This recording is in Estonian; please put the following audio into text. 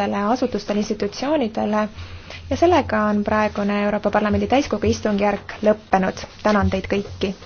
erinevatele asutustele, institutsioonidele ja sellega on praegune Euroopa Parlamendi täiskogu istungjärk lõppenud. tänan teid kõiki!